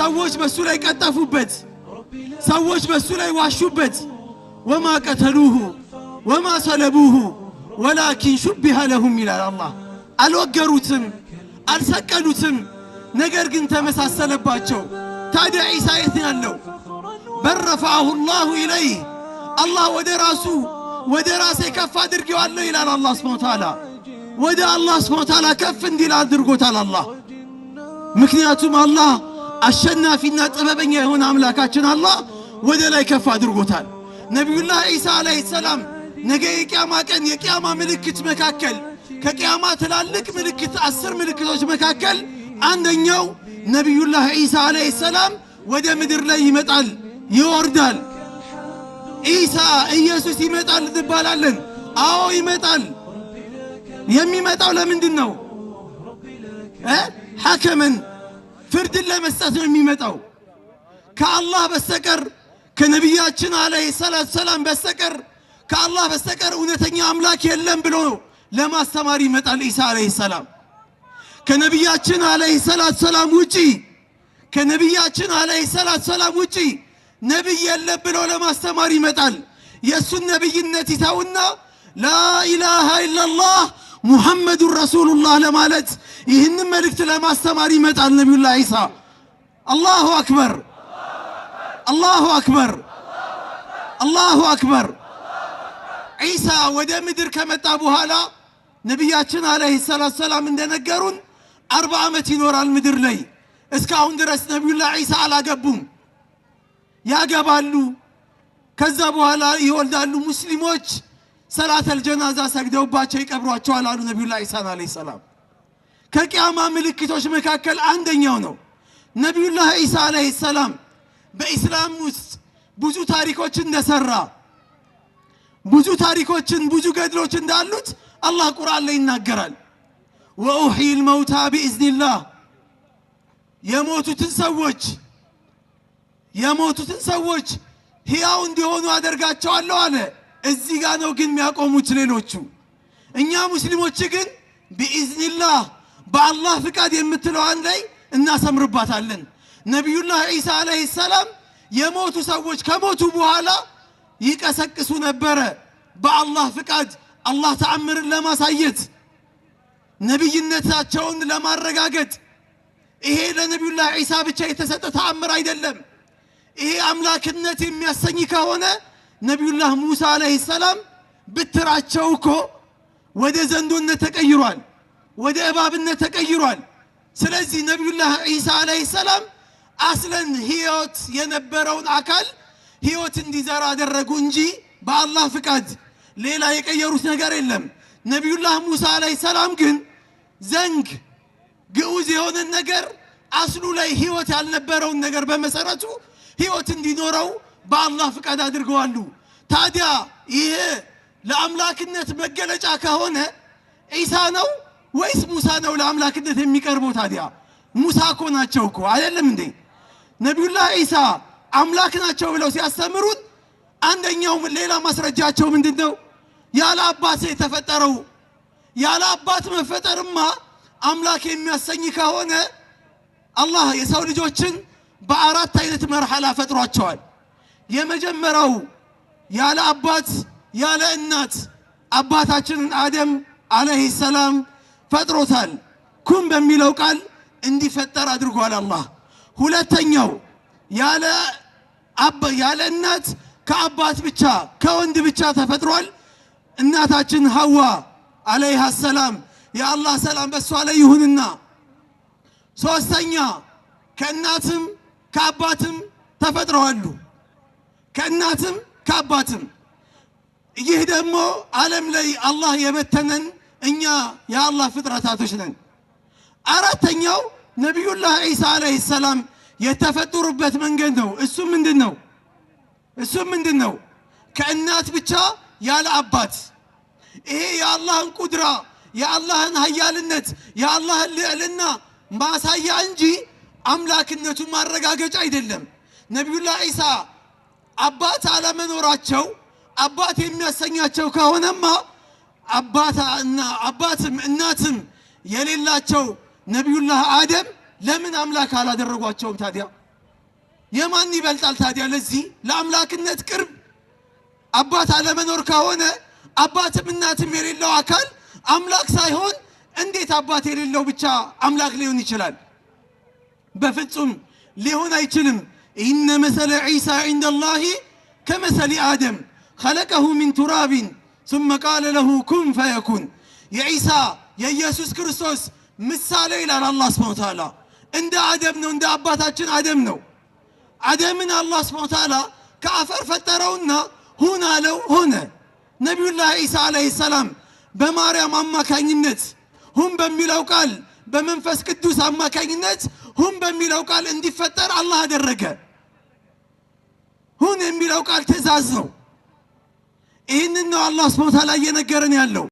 ሰዎች በሱ ላይ ቀጠፉበት፣ ሰዎች በሱ ላይ ዋሹበት። ወማ ቀተሉሁ ወማ ሰለቡሁ ወላኪን ሹቢሃ ለሁም ይላል አላህ። አልወገሩትም፣ አልሰቀሉትም፣ ነገር ግን ተመሳሰለባቸው። ታዲያ ዒሳ የት ያለው? በል ላሁ ኢለይህ አላህ ወደ ራሱ ወደ ራሴ ከፍ አድርጌዋለሁ ይላል አላህ ስብሐነ ወተዓላ። ወደ አላህ ስብሐነ ወተዓላ ከፍ እንዲል አድርጎታል አላህ ምክንያቱም አላህ አሸናፊና ጥበበኛ የሆነ አምላካችን አላህ ወደ ላይ ከፍ አድርጎታል። ነቢዩላህ ኢሳ ዓለይሂ ሰላም ነገ የቅያማ ቀን የቅያማ ምልክት መካከል ከቅያማ ትላልቅ ምልክት አስር ምልክቶች መካከል አንደኛው ነቢዩላህ ኢሳ ዓለይሂ ሰላም ወደ ምድር ላይ ይመጣል ይወርዳል። ኢሳ ኢየሱስ ይመጣል ትባላለን። አዎ ይመጣል። የሚመጣው ለምንድን ነው? ሐከመን ፍርድን ለመስጠት ነው የሚመጣው። ከአላህ በስተቀር ከነቢያችን አለይሂ ሰላቱ ሰላም በስተቀር ከአላህ በስተቀር እውነተኛ አምላክ የለም ብሎ ለማስተማር ይመጣል ኢሳ አለይሂ ሰላም። ከነቢያችን አለይሂ ሰላቱ ሰላም ውጪ ከነቢያችን አለይሂ ሰላቱ ሰላም ውጪ ነቢይ የለም ብሎ ለማስተማር ይመጣል። የእሱን ነቢይነት ይተውና ላኢላሃ ኢለላህ ሙሐመዱን ረሱሉላህ ለማለት ይህንን መልእክት ለማስተማር ይመጣል ነቢዩላ ዒሳ። አላሁ አክበር፣ አላሁ አክበር፣ አላሁ አክበር። ዒሳ ወደ ምድር ከመጣ በኋላ ነቢያችን አለይሂ ሰላት ሰላም እንደነገሩን አርባ ዓመት ይኖራል ምድር ላይ። እስካሁን ድረስ ነቢዩላ ዒሳ አላገቡም። ያገባሉ፣ ከዛ በኋላ ይወልዳሉ። ሙስሊሞች ሰላተል ጀናዛ ሰግደውባቸው ይቀብሯቸዋል አሉ ነቢዩላ ዒሳን አለይሂ ሰላም ከቅያማ ምልክቶች መካከል አንደኛው ነው። ነቢዩላህ ዒሳ አለይሂ ሰላም በኢስላም ውስጥ ብዙ ታሪኮች እንደሰራ ብዙ ታሪኮችን ብዙ ገድሎች እንዳሉት አላህ ቁርአን ላይ ይናገራል። ወኡሕይል መውታ ቢኢዝኒላህ የሞቱትን ሰዎች የሞቱትን ሰዎች ሕያው እንዲሆኑ አደርጋቸዋለሁ አለ። እዚህ ጋ ነው ግን የሚያቆሙት ሌሎቹ። እኛ ሙስሊሞች ግን ቢኢዝኒላህ በአላህ ፍቃድ የምትለዋን ላይ እናሰምርባታለን። ነቢዩላህ ዒሳ ዓለይሂ ሰላም የሞቱ ሰዎች ከሞቱ በኋላ ይቀሰቅሱ ነበረ። በአላህ ፍቃድ አላህ ተአምርን ለማሳየት ነቢይነታቸውን ለማረጋገጥ። ይሄ ለነቢዩላህ ዒሳ ብቻ የተሰጠ ተአምር አይደለም። ይሄ አምላክነት የሚያሰኝ ከሆነ ነቢዩላህ ሙሳ ዓለይሂ ሰላም ብትራቸው እኮ ወደ ዘንዶነት ተቀይሯል። ወደ ተቀይሯል። ስለዚህ ነቢዩላህ ዒሳ ዓለይሂ ሰላም አስለን ህይወት የነበረውን አካል ህይወት እንዲዘራ አደረጉ እንጂ በአላህ ፍቃድ ሌላ የቀየሩት ነገር የለም። ነቢዩላህ ሙሳ ዓለይሂ ሰላም ግን ዘንግ ግዑዝ የሆነን ነገር አስሉ ላይ ህይወት ያልነበረውን ነገር በመሰረቱ ህይወት እንዲኖረው በአላህ ፍቃድ አድርገዋሉ። ታዲያ ይሄ ለአምላክነት መገለጫ ከሆነ ዒሳ ነው ወይስ ሙሳ ነው ለአምላክነት የሚቀርበው? ታዲያ ሙሳ እኮ ናቸው እኮ አይደለም እንዴ? ነቢዩላህ ኢሳ አምላክ ናቸው ብለው ሲያስተምሩት አንደኛው ሌላ ማስረጃቸው ምንድን ነው? ያለ አባት የተፈጠረው ያለ አባት መፈጠርማ አምላክ የሚያሰኝ ከሆነ አላህ የሰው ልጆችን በአራት አይነት መርሐላ ፈጥሯቸዋል። የመጀመሪያው ያለ አባት ያለ እናት አባታችንን አደም አለይሂ ሰላም ፈጥሮታል። ኩን በሚለው ቃል እንዲፈጠር አድርጓል አላህ። ሁለተኛው ያለ እናት ከአባት ብቻ ከወንድ ብቻ ተፈጥሯል። እናታችን ሐዋ አለይሃ ሰላም የአላህ ሰላም በእሷ ላይ ይሁንና፣ ሶስተኛ ከእናትም ከአባትም ተፈጥረዋሉ። ከእናትም ከአባትም ይህ ደግሞ ዓለም ላይ አላህ የበተነን እኛ የአላህ ፍጥረታቶች ነን። አራተኛው ነቢዩላህ ዒሳ ዓለይሂ ሰላም የተፈጠሩበት መንገድ ነው። እሱ ምንድን ነው? እሱም ምንድን ነው? ከእናት ብቻ ያለ አባት። ይሄ የአላህን ቁድራ የአላህን ኃያልነት የአላህን ልዕልና ማሳያ እንጂ አምላክነቱን ማረጋገጫ አይደለም። ነቢዩላህ ዒሳ አባት አለመኖራቸው አባት የሚያሰኛቸው ከሆነማ አባትም እናትም የሌላቸው ነቢዩላህ አደም ለምን አምላክ አላደረጓቸውም? ታዲያ የማን ይበልጣል? ታዲያ ለዚህ ለአምላክነት ቅርብ አባት አለመኖር ከሆነ አባትም እናትም የሌለው አካል አምላክ ሳይሆን እንዴት አባት የሌለው ብቻ አምላክ ሊሆን ይችላል? በፍጹም ሊሆን አይችልም። ኢነ መሰለ ዒሳ ዒንደላሂ ከመሰሊ አደም ኸለቀሁ ሚን ቱራቢን ሱመ ቃለ ለሁ ኩን ፈየኩን የኢሳ የኢየሱስ ክርስቶስ ምሳሌ ይላል አላህ ስብሐነ ወተዓላ። እንደ አደም ነው፣ እንደ አባታችን አደም ነው። አደምን አላህ ስብሐነ ወተዓላ ከአፈር ፈጠረውና ሁን አለው፣ ሆነ። ነቢዩላህ ኢሳ ዓለይሂ ሰላም በማርያም አማካኝነት ሁን በሚለው ቃል በመንፈስ ቅዱስ አማካኝነት ሁን በሚለው ቃል እንዲፈጠር አላህ አደረገ። ሁን የሚለው ቃል ትእዛዝ ነው። ይህንን ነው አላህ ስብሃነ ወተዓላ እየነገረን ያለው።